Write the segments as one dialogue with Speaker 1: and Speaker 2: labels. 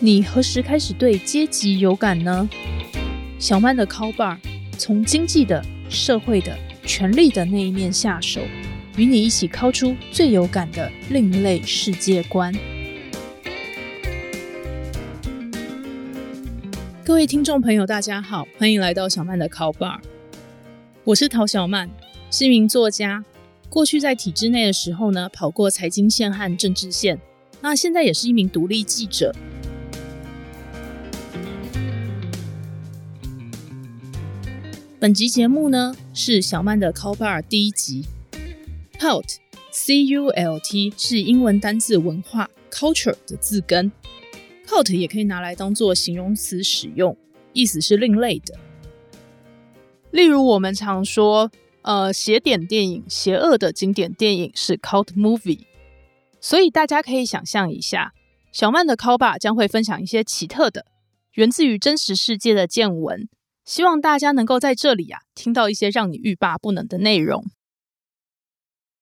Speaker 1: 你何時開始對階級有感呢？曉嫚的 Cult Bar，從經濟的、社會的、權力的那一面下手，與你一起 ㄎㄠ 出最有感的另類世界觀。各位聽眾朋友，大家好，歡迎來到曉嫚的 Cult Bar。我是陶曉嫚，是一名作家。過去在體制內的時候呢，跑過財經線和政治線，那現在也是一名獨立記者。本集節目呢是曉嫚的 Cult Bar 第一集。Cult，C-U-L-T 是英文單字文化 （culture） 的字根。Cult 也可以拿來當做形容詞使用，意思是另類的。例如我們常說，呃，邪典電影、邪惡的經典電影是 cult movie。所以大家可以想象一下，曉嫚的 Cult Bar 將會分享一些奇特的、源自於真實世界的見聞。希望大家能夠在這裡啊，聽到一些讓你慾罷不能的內容。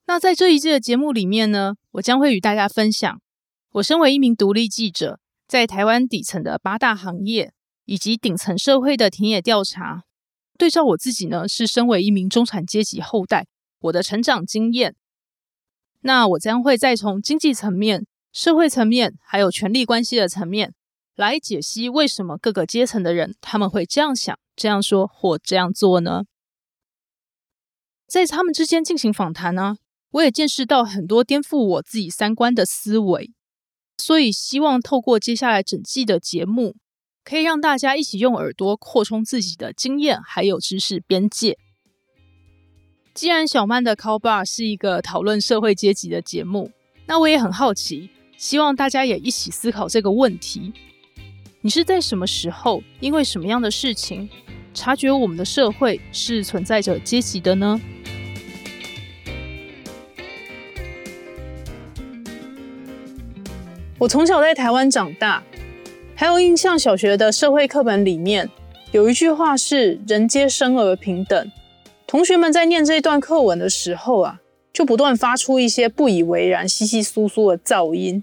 Speaker 1: 那在這一季的節目裡面呢，我將會與大家分享我身為一名獨立記者，在台灣底層的八大行業以及頂層社會的田野調查。對照我自己呢，是身為一名中產階級後代，我的成長經驗。那我將會再從經濟層面、社會層面，還有權力關係的層面。來解析為什麼各個階層的人他們會這樣想，這樣說或這樣做呢？在他們之間進行訪談呢、啊，我也見識到很多顛覆我自己三觀的思維，所以希望透過接下來整季的節目，可以讓大家一起用耳朵擴充自己的經驗還有知識邊界。既然曉嫚的 Cult Bar 是一個討論社會階級的節目，那我也很好奇，希望大家也一起思考這個問題。你是在什麼時候，因為什麼樣的事情，察覺我們的社會是存在着階級的呢？我從小在台灣長大，還有印象，小學的社會課本裡面有一句話是“人皆生而平等”。同學們在念這段課文的時候啊，就不斷發出一些不以為然、窸窸窣窣的噪音。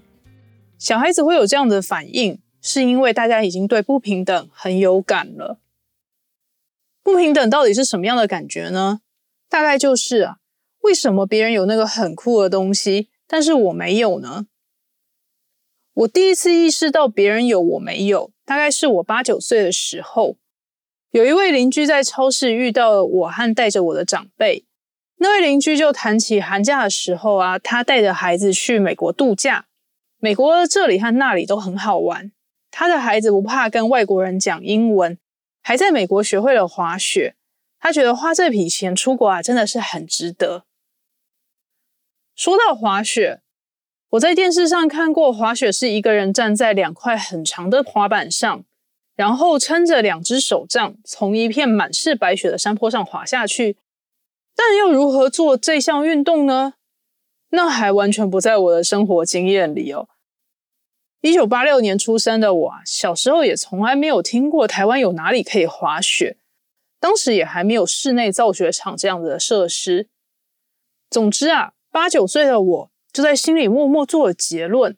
Speaker 1: 小孩子會有這樣的反應。是因為大家已經對不平等很有感了。不平等到底是什麼樣的感覺呢？大概就是啊，為什麼別人有那個很酷的東西，但是我沒有呢？我第一次意識到別人有我沒有，大概是我八九歲的時候，有一位鄰居在超市遇到了我和帶着我的長輩。那位鄰居就談起寒假的時候啊，他帶着孩子去美國度假，美國的這裡和那裡都很好玩。他的孩子不怕跟外國人講英文，還在美國學會了滑雪。他覺得花這筆錢出國啊，真的是很值得。說到滑雪，我在電視上看過，滑雪是一個人站在兩塊很長的滑板上，然後撐着兩隻手杖，從一片滿是白雪的山坡上滑下去。但又如何做這項運動呢？那還完全不在我的生活經驗裡哦。一九八六年出生的我啊，小時候也從來沒有聽過台灣有哪裡可以滑雪，當時也還沒有室內造雪場這樣子的設施。總之啊，八九歲的我就在心裡默默做了結論：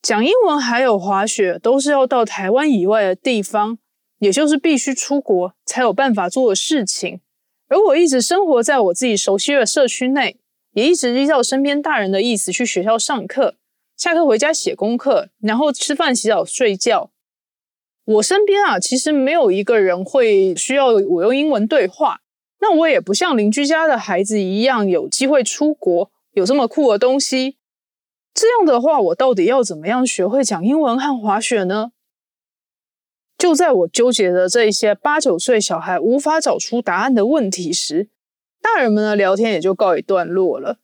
Speaker 1: 講英文還有滑雪，都是要到台灣以外的地方，也就是必須出國才有辦法做的事情。而我一直生活在我自己熟悉的社區內，也一直依照身邊大人的意思去學校上課。下課回家寫功課，然後吃飯、洗澡、睡覺。我身邊啊，其實沒有一個人會需要我用英文對話。那我也不像鄰居家的孩子一樣有機會出國，有這麼酷的東西。這樣的話，我到底要怎麼樣學會講英文和滑雪呢？就在我糾結的這些八九歲小孩無法找出答案的問題時，大人們的聊天也就告一段落了。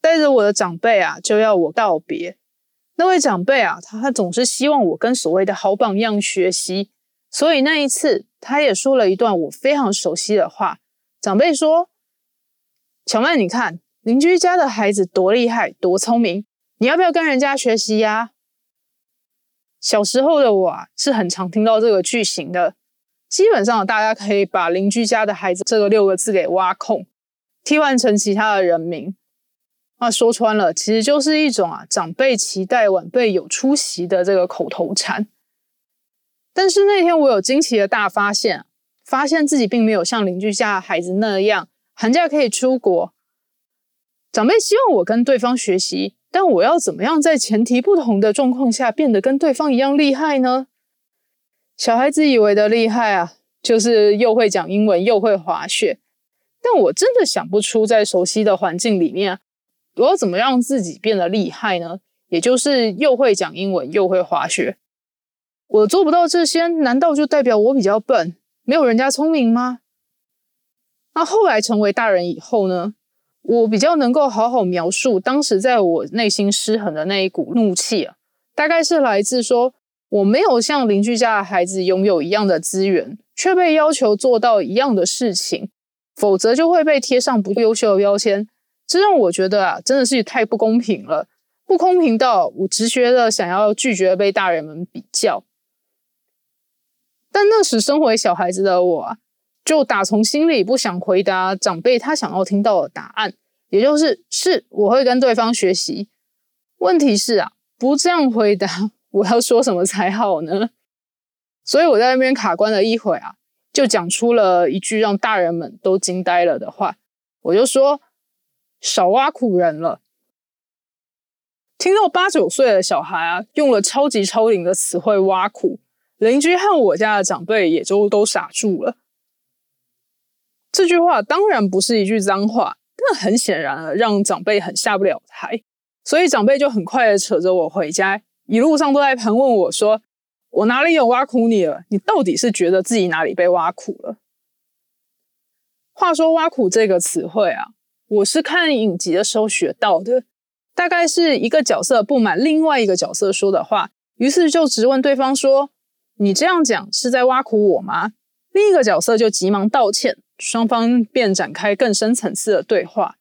Speaker 1: 帶着我的長輩啊，就要我道別。那位長輩啊，他他總是希望我跟所謂的好榜樣學習，所以那一次他也說了一段我非常熟悉的話。長輩說：“曉嫚，你看鄰居家的孩子多厲害，多聰明，你要不要跟人家學習呀、啊？”小時候的我啊是很常聽到這個句型的，基本上大家可以把“鄰居家的孩子”這個六個字給挖空，替換成其他的人名。啊，說穿了，其實就是一種啊，長輩期待晚輩有出息的這個口頭禪。但是那天我有驚奇的大發現，發現自己並沒有像鄰居家孩子那樣，寒假可以出國。長輩希望我跟對方學習，但我要怎麼樣在前提不同的狀況下，變得跟對方一樣厲害呢？小孩子以為的厲害啊，就是又會講英文又會滑雪，但我真的想不出在熟悉的環境裡面。我要怎麼讓自己變得厲害呢？也就是又會講英文，又會滑雪。我做不到這些，難道就代表我比較笨，沒有人家聰明嗎？那後來成為大人以後呢，我比較能夠好好描述當時在我內心失衡的那一股怒氣啊，大概是來自說，我沒有像鄰居家的孩子擁有一樣的資源，卻被要求做到一樣的事情，否則就會被貼上不優秀的標籤。這讓我覺得啊，真的是太不公平了，不公平到我直覺的想要拒絕被大人們比較。但那時身為小孩子的我啊，就打從心裡不想回答長輩他想要聽到的答案，也就是是我會跟對方學習。問題是啊，不這樣回答，我要說什麼才好呢？所以我在那邊卡關了一會啊，就講出了一句讓大人們都驚呆了的話，我就說。少挖苦人了！聽到八九歲的小孩啊，用了超級超齡的詞彙挖苦，鄰居和我家的長輩也就都傻住了。這句話當然不是一句髒話，但很顯然讓長輩很下不了台，所以長輩就很快的扯着我回家，一路上都在盤問我說：我哪裡有挖苦你了？你到底是覺得自己哪裡被挖苦了？話說挖苦這個詞彙啊。我是看影集的時候學到的，大概是一個角色不滿另外一個角色說的話，於是就直問對方說：“你這樣講是在挖苦我嗎？”另一個角色就急忙道歉，雙方便展開更深層次的對話。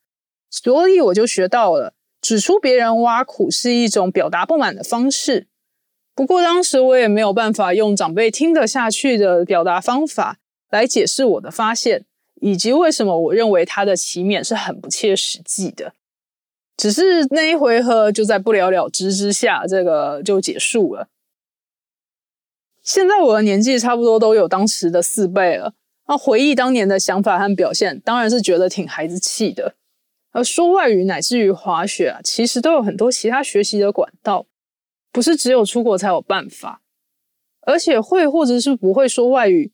Speaker 1: 所以我就學到了，指出別人挖苦是一種表達不滿的方式。不過當時我也沒有辦法用長輩聽得下去的表達方法來解釋我的發現。以及為什麼我認為他的期勉是很不切實際的，只是那一回合就在不了了之之下，這個就結束了。現在我的年紀差不多都有當時的四倍了，那回憶當年的想法和表現，當然是覺得挺孩子氣的。而說外語乃至於滑雪啊，其實都有很多其他學習的管道，不是只有出國才有辦法，而且會或者是不會說外語。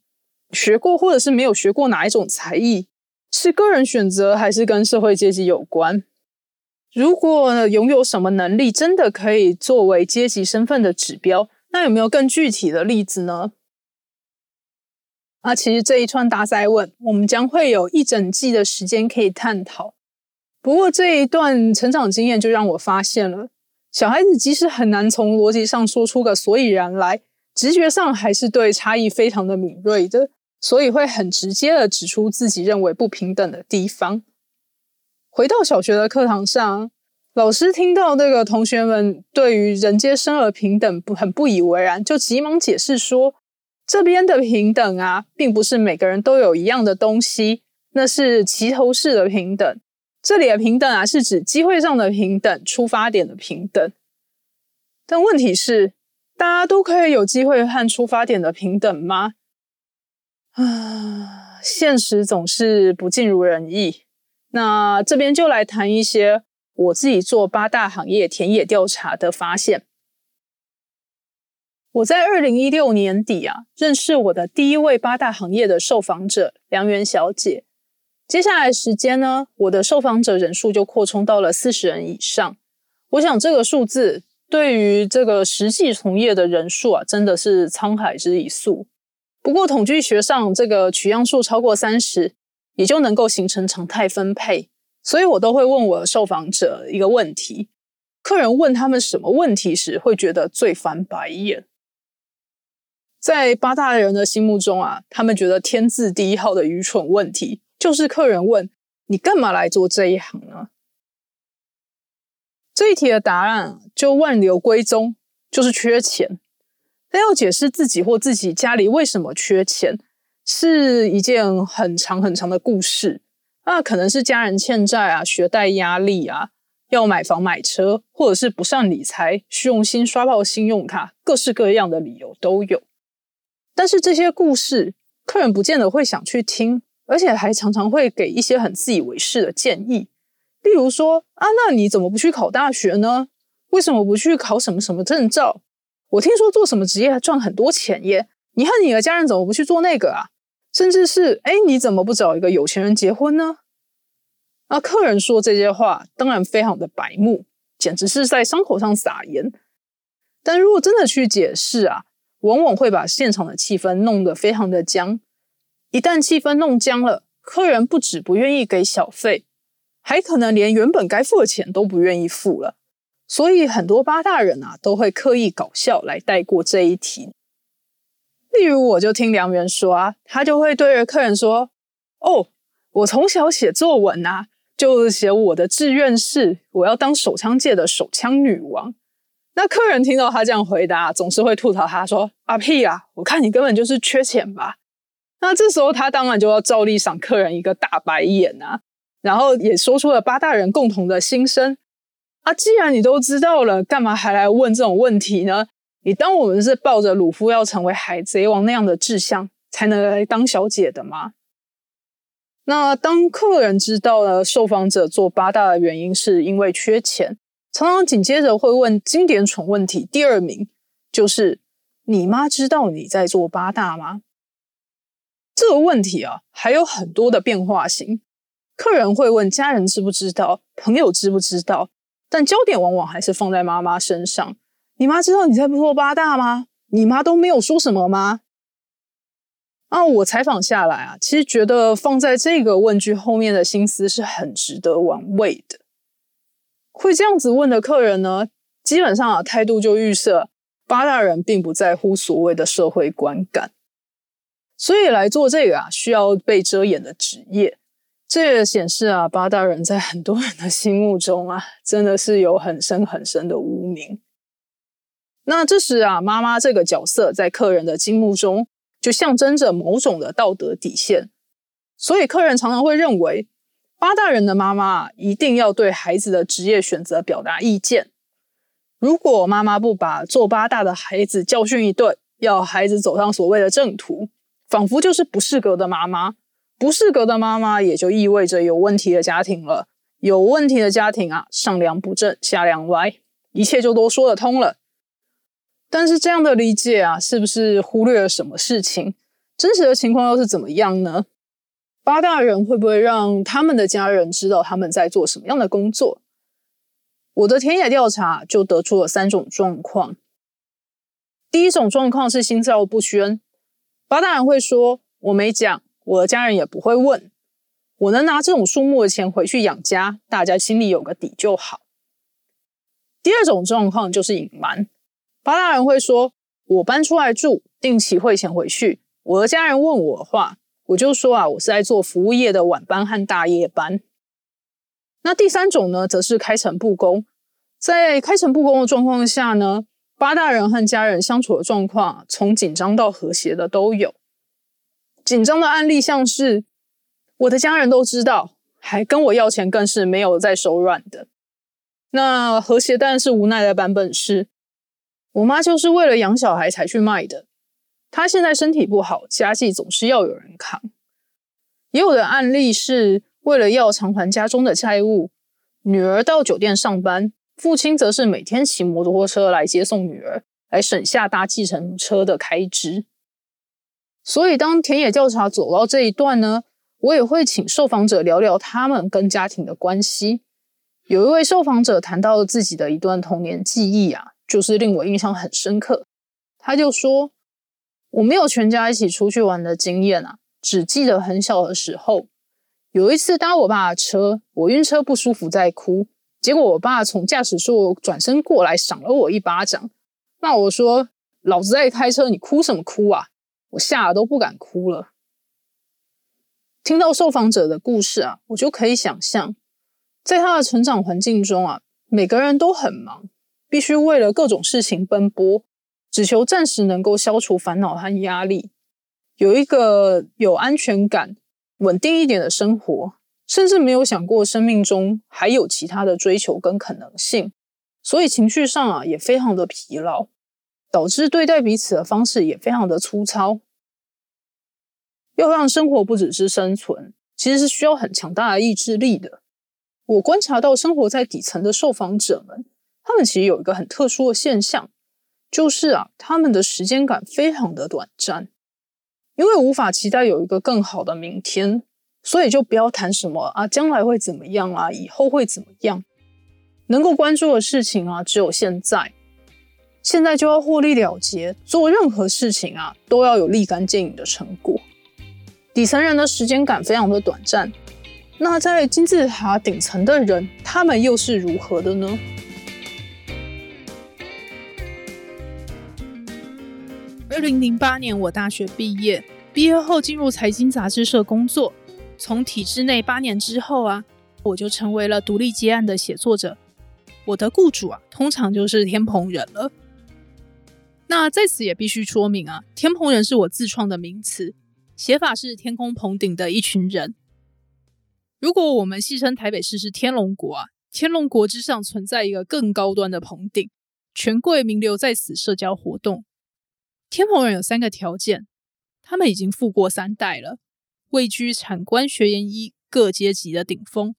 Speaker 1: 學過或者是沒有學過哪一種才藝，是個人選擇還是跟社會階級有關？如果擁有什麼能力真的可以作為階級身份的指標，那有沒有更具體的例子呢？啊，其實這一串大哉問，我們將會有一整季的時間可以探討。不過這一段成長經驗就讓我發現了，小孩子其實很難從邏輯上說出個所以然來，直覺上還是對差異非常的敏銳的。所以會很直接的指出自己認為不平等的地方。回到小學的課堂上，老師聽到那個同學們對於“人皆生而平等”不很不以為然，就急忙解釋說：“這邊的平等啊，並不是每個人都有一樣的東西，那是齊頭式的平等。這裡的平等啊，是指機會上的平等、出發點的平等。但問題是，大家都可以有機會和出發點的平等嗎？”啊，現實總是不盡如人意。那這邊就來談一些我自己做八大行業田野調查的發現。我在二零一六年底啊，認識我的第一位八大行業的受訪者梁媛小姐。接下來時間呢，我的受訪者人數就擴充到了四十人以上。我想這個數字對於這個實際從業的人數啊，真的是滄海之一粟。不過，統計學上這個取樣數超過三十，也就能夠形成常態分配。所以，我都會問我的受訪者一個問題：客人問他們什麼問題時會覺得最翻白眼？在八大人的心目中啊，他們覺得天字第一號的愚蠢問題就是客人問你幹嘛來做這一行呢？這一題的答案就萬流歸宗，就是缺錢。但要解釋自己或自己家裡為什麼缺錢，是一件很長很長的故事。那、啊、可能是家人欠債啊，學貸壓力啊，要買房買車，或者是不善理財、虛榮心刷爆信用卡，各式各樣的理由都有。但是這些故事，客人不見得會想去聽，而且還常常會給一些很自以為是的建議。例如說：“啊，那你怎麼不去考大學呢？為什麼不去考什麼什麼證照？”我聽說做什麼職業還賺很多錢耶，你和你的家人怎麼不去做那個啊？甚至是，哎，你怎麼不找一個有錢人結婚呢？那、啊、客人說這些話當然非常的白目，簡直是在傷口上撒鹽。但如果真的去解釋啊，往往會把現場的氣氛弄得非常的僵。一旦氣氛弄僵了，客人不止不願意給小費，還可能連原本該付的錢都不願意付了。所以很多八大人啊，都會刻意搞笑來帶過這一題。例如，我就聽梁元說啊，他就會對着客人說：“哦，我從小寫作文啊，就寫我的志願是我要當手槍界的‘手槍女王’。”那客人聽到他這樣回答，總是會吐槽他說：“啊屁啊，我看你根本就是缺錢吧。”那這時候他當然就要照例賞客人一個大白眼啊，然後也說出了八大人共同的心聲。那既然你都知道了，幹嘛還來問這種問題呢？你當我們是抱着魯夫要成為海賊王那樣的志向才能來當小姐的嗎？那當客人知道了受訪者做八大的原因是因為缺錢，常常緊接着會問經典蠢問題第二名，就是你媽知道你在做八大嗎？這個問題啊，還有很多的變化型。客人會問家人知不知道，朋友知不知道。但焦點往往還是放在媽媽身上。你媽知道你在做八大嗎？你媽都沒有說什麼嗎？啊，我採訪下來啊，其實覺得放在這個問句後面的心思是很值得玩味的。會這樣子問的客人呢，基本上啊態度就預設八大人並不在乎所謂的社會觀感，所以來做這個啊需要被遮掩的職業。這也顯示啊，八大人在很多人的心目中啊，真的是有很深很深的污名。那這時啊，媽媽這個角色在客人的心目中就象徵着某種的道德底線，所以客人常常會認為，八大人的媽媽一定要對孩子的職業選擇表達意見。如果媽媽不把做八大的孩子教訓一頓，要孩子走上所謂的正途，仿佛就是不適格的媽媽。不適格的媽媽也就意味着有問題的家庭了。有問題的家庭啊，上梁不正下梁歪，一切就都說得通了。但是這樣的理解啊，是不是忽略了什麼事情？真實的情況又是怎麼樣呢？八大人會不會讓他們的家人知道他們在做什麼樣的工作？我的田野調查就得出了三種狀況。第一種狀況是心照不宣，八大人會說：“我沒講。”我的家人也不會問，我能拿這種數目的錢回去養家，大家心裡有個底就好。第二種狀況就是隱瞞，八大人會說：“我搬出來住，定期匯錢回去。”我的家人問我的話，我就說：“啊，我是在做服務業的晚班和大夜班。”那第三種呢，則是開誠布公。在開誠布公的狀況下呢，八大人和家人相處的狀況，從緊張到和諧的都有。緊張的案例像是我的家人都知道，還跟我要錢，更是沒有再手軟的。那和諧但是無奈的版本是，我媽就是為了養小孩才去賣的。她現在身體不好，家計總是要有人扛。也有的案例是為了要償還家中的債務，女兒到酒店上班，父親則是每天騎摩托車來接送女兒，來省下搭計程車的開支。所以，當田野調查走到這一段呢，我也會請受訪者聊聊他們跟家庭的關係。有一位受訪者談到了自己的一段童年記憶啊，就是令我印象很深刻。他就說：“我沒有全家一起出去玩的經驗啊，只記得很小的時候，有一次搭我爸的車，我暈車不舒服在哭，結果我爸從駕駛座轉身過來，賞了我一巴掌。那我說：‘老子在開車，你哭什麼哭啊？’”我嚇得都不敢哭了。聽到受訪者的故事啊，我就可以想象，在他的成長環境中啊，每個人都很忙，必須為了各種事情奔波，只求暫時能夠消除煩惱和壓力，有一個有安全感、穩定一點的生活，甚至沒有想過生命中還有其他的追求跟可能性，所以情緒上啊，也非常的疲勞。導致對待彼此的方式也非常的粗糙。要讓生活不只是生存，其實是需要很強大的意志力的。我觀察到生活在底層的受訪者們，他們其實有一個很特殊的現象，就是啊，他們的時間感非常的短暫，因為無法期待有一個更好的明天，所以就不要談什麼啊，將來會怎麼樣啊，以後會怎麼樣？能夠關注的事情啊，只有現在。現在就要獲利了結，做任何事情啊都要有立竿見影的成果。底層人的時間感非常的短暫，那在金字塔頂層的人，他們又是如何的呢？二零零八年我大學畢業，畢業後進入財經雜誌社工作，從體制內八年之後啊，我就成為了獨立接案的寫作者。我的僱主啊，通常就是天篷人了。那在此也必須說明啊，天篷人是我自創的名詞，寫法是天空棚頂的一群人。如果我們戲稱台北市是天龍國啊，天龍國之上存在一個更高端的棚頂，權貴名流在此社交活動。天篷人有三個條件，他們已經富過三代了，位居產官學研醫各階級的頂峰。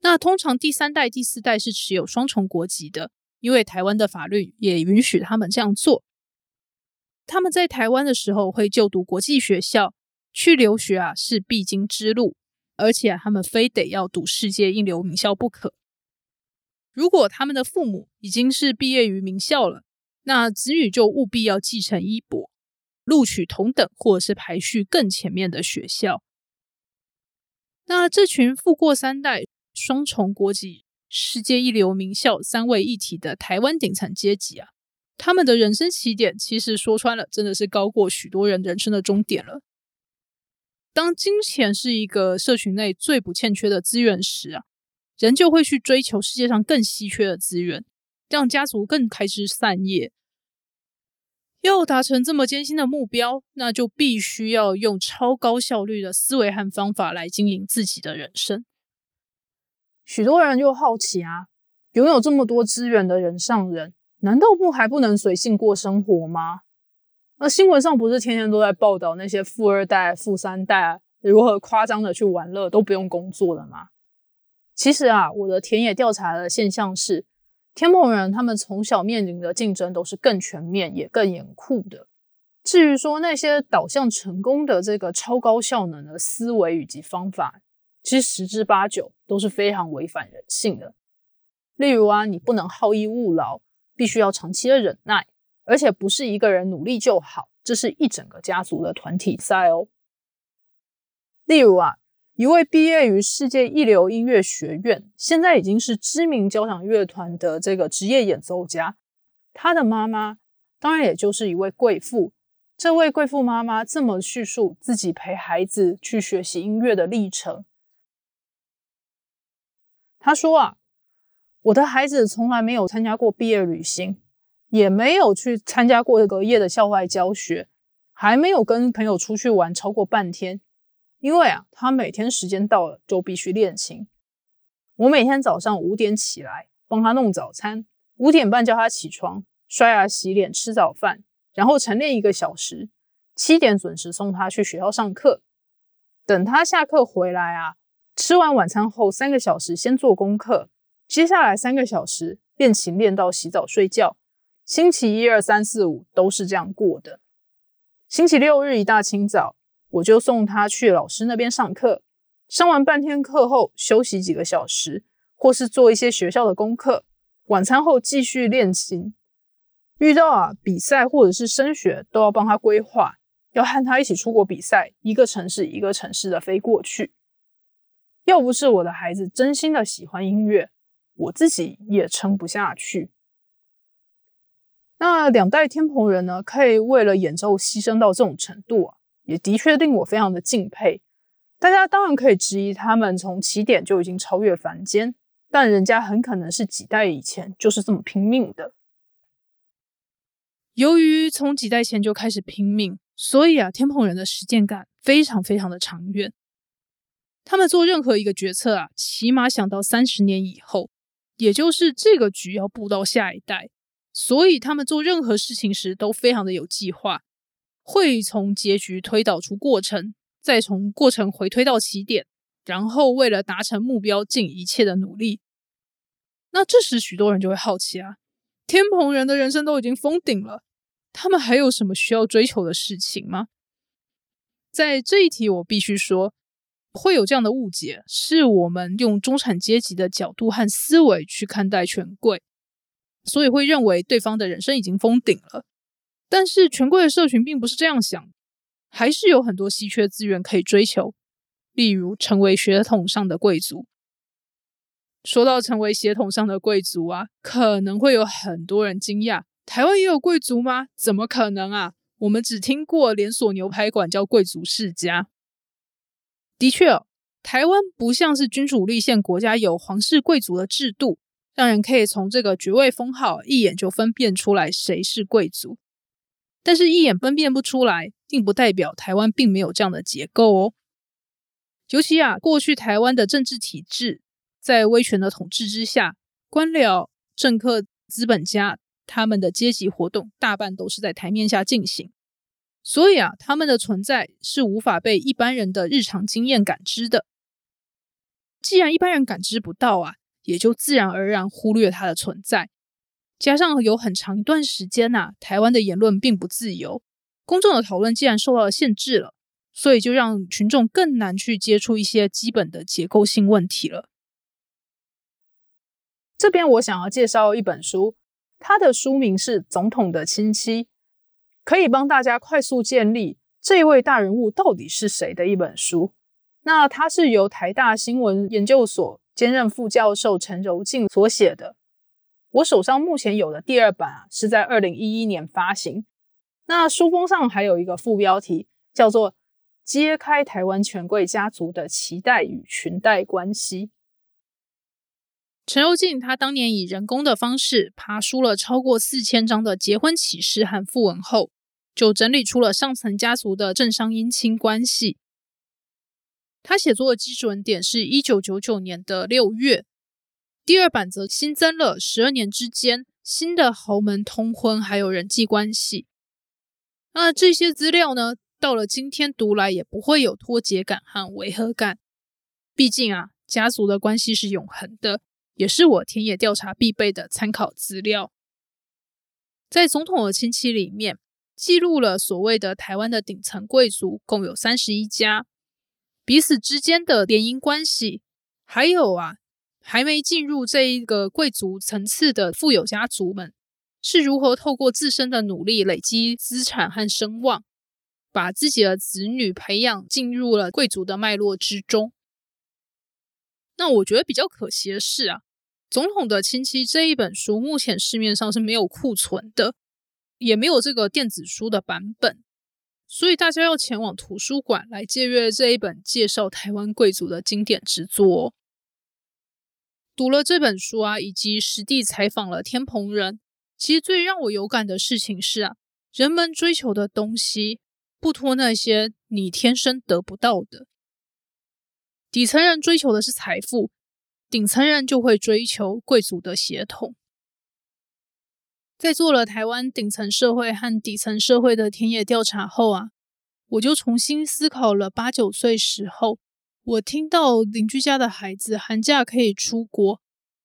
Speaker 1: 那通常第三代、第四代是持有雙重國籍的，因為台灣的法律也允許他們這樣做。他們在台灣的時候會就讀國際學校，去留學啊是必經之路，而且、啊、他們非得要讀世界一流名校不可。如果他們的父母已經是畢業於名校了，那子女就務必要繼承衣缽，錄取同等或者是排序更前面的學校。那這群富過三代、雙重國籍、世界一流名校三位一體的台灣頂層階級啊。他們的人生起點，其實說穿了，真的是高過許多人人生的終點了。當金錢是一個社群內最不欠缺的資源時啊，人就會去追求世界上更稀缺的資源，讓家族更開枝散葉。要達成這麼艱辛的目標，那就必須要用超高效率的思維和方法來經營自己的人生。許多人就好奇啊，擁有這麼多資源的人上人。難道不還不能隨性過生活嗎？那新聞上不是天天都在報道那些富二代、富三代、啊、如何誇張的去玩樂，都不用工作的嗎？其實啊，我的田野調查的現象是，天篷人他們從小面臨的競爭都是更全面也更嚴酷的。至於說那些導向成功的這個超高效能的思維以及方法，其實十之八九都是非常違反人性的。例如啊，你不能好逸惡勞。必須要長期的忍耐，而且不是一個人努力就好，這是一整個家族的團體賽哦。例如啊，一位畢業於世界一流音樂學院，現在已經是知名交響樂團的這個職業演奏家，他的媽媽當然也就是一位貴婦。這位貴婦媽媽這麼敘述自己陪孩子去學習音樂的歷程，她說啊。我的孩子從來沒有參加過畢業旅行，也沒有去參加過隔夜的校外教學，還沒有跟朋友出去玩超過半天。因為啊，他每天時間到了就必須練琴。我每天早上五點起來幫他弄早餐，五點半叫他起床刷牙洗臉吃早飯，然後晨練一個小時，七點準時送他去學校上課。等他下課回來啊，吃完晚餐後三個小時先做功課。接下來三個小時練琴練到洗澡睡覺，星期一、二、三、四、五都是這樣過的。星期六日一大清早我就送他去老師那邊上課，上完半天課後休息幾個小時，或是做一些學校的功課。晚餐後繼續練琴。遇到啊比賽或者是升學，都要幫他規劃，要和他一起出國比賽，一個城市一個城市的飛過去。要不是我的孩子真心的喜歡音樂。我自己也撐不下去。那兩代天篷人呢？可以為了演奏犧牲到這種程度啊，也的確令我非常的敬佩。大家當然可以質疑他們從起點就已經超越凡間，但人家很可能是幾代以前就是這麼拼命的。由於從幾代前就開始拼命，所以啊，天篷人的時間感非常非常的長遠。他們做任何一個決策啊，起碼想到三十年以後，也就是這個局要布到下一代，所以他們做任何事情時都非常的有計劃，會從結局推導出過程，再從過程回推到起點，然後為了達成目標盡一切的努力。那這時許多人就會好奇啊，天篷人的人生都已經封頂了，他們還有什麼需要追求的事情嗎？在這一題，我必須說。會有這樣的誤解，是我們用中產階級的角度和思維去看待權貴，所以會認為對方的人生已經封頂了。但是權貴的社群並不是這樣想，還是有很多稀缺資源可以追求，例如成為血統上的貴族。說到成為血統上的貴族啊，可能會有很多人驚訝：台灣也有貴族嗎？怎麼可能啊？我們只聽過連鎖牛排館叫貴族世家。的確，台灣不像是君主立憲國家，有皇室貴族的制度，讓人可以從這個爵位封號一眼就分辨出來誰是貴族。但是，一眼分辨不出來，並不代表台灣並沒有這樣的結構哦。尤其啊，過去台灣的政治體制在威權的統治之下，官僚、政客、資本家，他們的階級活動，大半都是在台面下進行。所以啊，他們的存在是無法被一般人的日常經驗感知的。既然一般人感知不到啊，也就自然而然忽略它的存在。加上有很長一段時間吶、啊，台灣的言論並不自由，公眾的討論既然受到了限制了，所以就讓群眾更難去接觸一些基本的結構性問題了。這邊我想要介紹一本書，它的書名是《總統的親戚》。可以幫大家快速建立這位大人物到底是誰的一本書，那它是由台大新聞研究所兼任副教授陳柔縉所寫的。我手上目前有的第二版啊，是在二零一一年發行，那書封上還有一個副標題叫做《揭開台灣權貴家族的臍帶與裙帶關係》。陳柔縉，他當年以人工的方式爬梳了超過四千張的結婚啟事和訃聞後，就整理出了上層家族的政商姻親關係。他寫作的基準點是1999年的六月，第二版則新增了十二年之間新的豪門通婚還有人際關係。那這些資料呢，到了今天讀來也不會有脫節感和違和感，畢竟啊，家族的關係是永恆的。也是我田野調查必備的參考資料。在總統的親戚裡面，記錄了所謂的台灣的頂層貴族，共有三十一家，彼此之間的聯姻關係，還有啊，還沒進入這一個貴族層次的富有家族們，是如何透過自身的努力累積資產和聲望，把自己的子女培養進入了貴族的脈絡之中。那我覺得比較可惜的是啊。總統的親戚這一本書目前市面上是沒有庫存的，也沒有這個電子書的版本，所以大家要前往圖書館來借閱這一本介紹台灣貴族的經典之作。讀了這本書啊，以及實地採訪了天篷人，其實最讓我有感的事情是啊，人們追求的東西不脫那些你天生得不到的，底層人追求的是財富，頂層人就會追求貴族的血統。在做了台灣頂層社會和底層社會的田野調查後啊，我就重新思考了八九歲時候我聽到鄰居家的孩子寒假可以出國，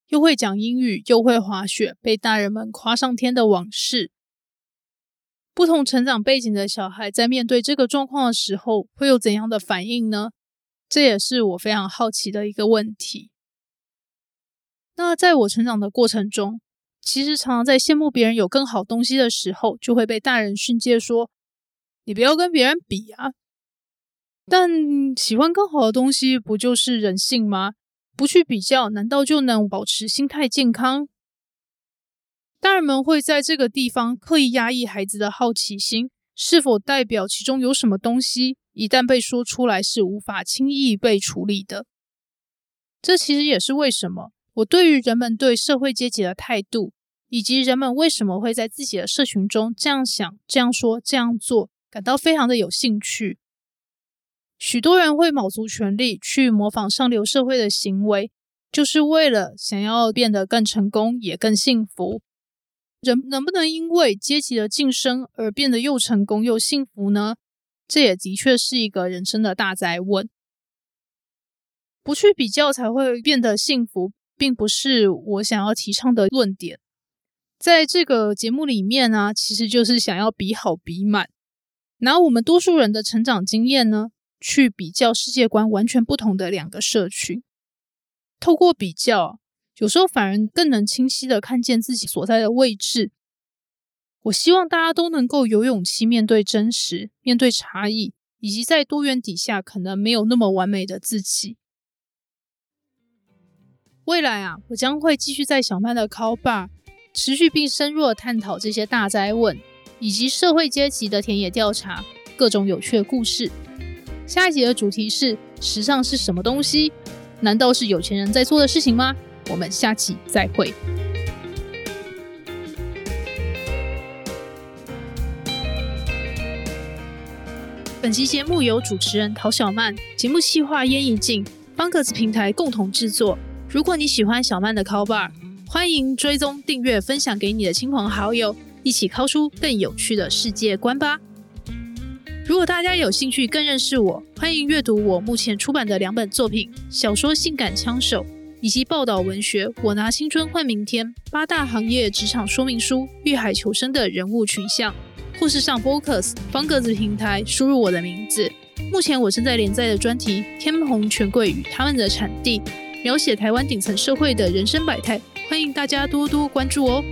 Speaker 1: 又會講英語，又會滑雪，被大人們誇上天的往事。不同成長背景的小孩在面對這個狀況的時候，會有怎樣的反應呢？這也是我非常好奇的一個問題。那在我成長的過程中，其實常常在羨慕別人有更好東西的時候，就會被大人訓誡說：“你不要跟別人比啊。”但喜歡更好的東西，不就是人性嗎？不去比較，難道就能保持心態健康？大人們會在這個地方刻意壓抑孩子的好奇心，是否代表其中有什麼東西，一旦被說出來，是無法輕易被處理的？這其實也是為什麼。我對於人們對社會階級的態度，以及人們為什麼會在自己的社群中這樣想、這樣說、這樣做，感到非常的有興趣。許多人會卯足全力去模仿上流社會的行為，就是為了想要變得更成功，也更幸福。人能不能因為階級的晉升而變得又成功又幸福呢？這也的確是一個人生的大哉問。不去比較，才會變得幸福。並不是我想要提倡的論點，在這個節目裡面呢、啊，其實就是想要比好比滿，拿我們多數人的成長經驗呢，去比較世界觀完全不同的兩個社群。透過比較，有時候反而更能清晰的看見自己所在的位置。我希望大家都能夠有勇氣面對真實，面對差異，以及在多元底下可能沒有那麼完美的自己。未來啊，我將會繼續在曉嫚的 Cult Bar 持續並深入地探討這些大哉問，以及社會階級的田野調查，各種有趣的故事。下一集的主題是：時尚是什麼東西？難道是有錢人在做的事情嗎？我們下期再會。本期節目由主持人陶曉嫚，節目企劃煙一靜，方格子平台共同制作。如果你喜歡小曼的 Cult Bar，歡迎追蹤、訂閱、分享給你的親朋好友，一起 call 出更有趣的世界觀吧。如果大家有興趣更認識我，歡迎閱讀我目前出版的兩本作品：小說《性感槍手》以及報道文學《我拿青春換明天》。八大行業職場說明書、欲海求生的人物群像，或是上 Vocus 方格子平台輸入我的名字。目前我正在連載的專題《天篷權貴與他們的產地》。描寫台灣頂層社會的人生百態，歡迎大家多多關注哦。